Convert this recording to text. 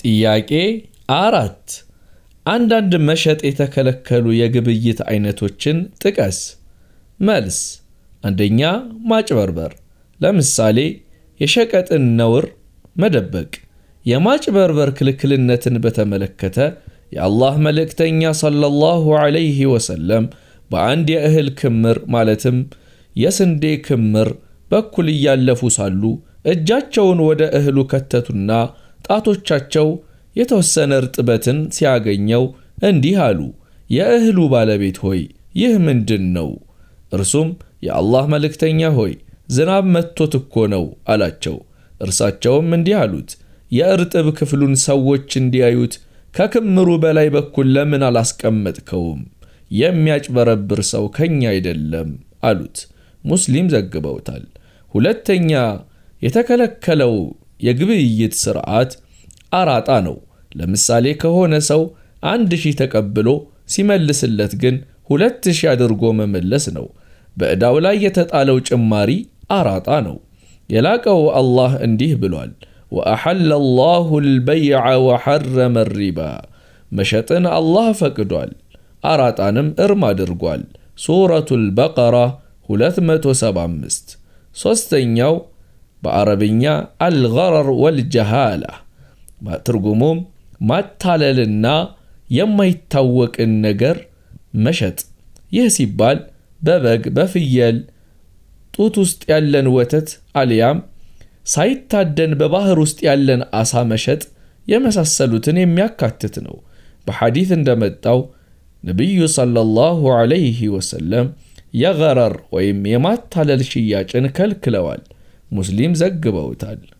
ጥያቄ አራት አንዳንድ መሸጥ የተከለከሉ የግብይት አይነቶችን ጥቀስ። መልስ፣ አንደኛ ማጭበርበር፣ ለምሳሌ የሸቀጥን ነውር መደበቅ። የማጭበርበር ክልክልነትን በተመለከተ የአላህ መልእክተኛ ሰለላሁ ዐለይሂ ወሰለም በአንድ የእህል ክምር ማለትም የስንዴ ክምር በኩል እያለፉ ሳሉ እጃቸውን ወደ እህሉ ከተቱና ጣቶቻቸው የተወሰነ እርጥበትን ሲያገኘው እንዲህ አሉ፣ የእህሉ ባለቤት ሆይ ይህ ምንድን ነው? እርሱም የአላህ መልእክተኛ ሆይ ዝናብ መጥቶት እኮ ነው አላቸው። እርሳቸውም እንዲህ አሉት፣ የእርጥብ ክፍሉን ሰዎች እንዲያዩት ከክምሩ በላይ በኩል ለምን አላስቀመጥከውም? የሚያጭበረብር ሰው ከኛ አይደለም አሉት። ሙስሊም ዘግበውታል። ሁለተኛ የተከለከለው የግብይት ስርዓት አራጣ ነው። ለምሳሌ ከሆነ ሰው አንድ ሺህ ተቀብሎ ሲመልስለት ግን ሁለት ሺህ አድርጎ መመለስ ነው። በዕዳው ላይ የተጣለው ጭማሪ አራጣ ነው። የላቀው አላህ እንዲህ ብሏል፣ ወአሐለ አላሁ ልበይዐ ወሐረመ ሪባ። መሸጥን አላህ ፈቅዷል፣ አራጣንም እርም አድርጓል። ሱረቱ ልበቀራ 275 ሦስተኛው በአረብኛ አልገረር ወልጀሃላ ትርጉሙም ማታለልና የማይታወቅን ነገር መሸጥ። ይህ ሲባል በበግ በፍየል ጡት ውስጥ ያለን ወተት አልያም ሳይታደን በባህር ውስጥ ያለን አሳ መሸጥ የመሳሰሉትን የሚያካትት ነው። በሐዲት እንደመጣው ነቢዩ ሰለላሁ ዐለይሂ ወሰለም የገረር ወይም የማታለል ሽያጭን ከልክለዋል። مسلم زق بوتال